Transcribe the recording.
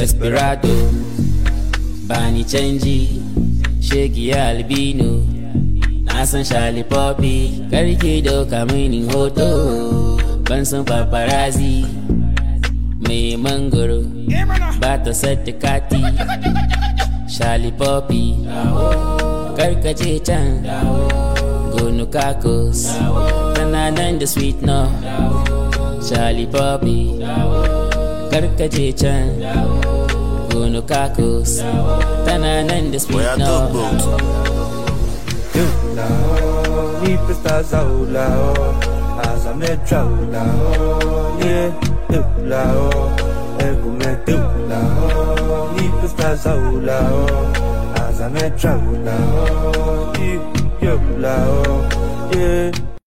Desperado, bani canji, sheki albino, Nasan shali poppy, karke doka mini hoto, ban san paparazzi, mai mangoro, ba ta kati, shali poppy, karkace can, gonu kakos, tana nan da sweet no, shali poppy, karkace can no no cacos. Tanana in the street now. I estás a un lado, oh. haz a metra un oh. lado, yeah, tu lado, oh. el come tu lado. Deep estás a un lado, haz a metra un yeah, yeah.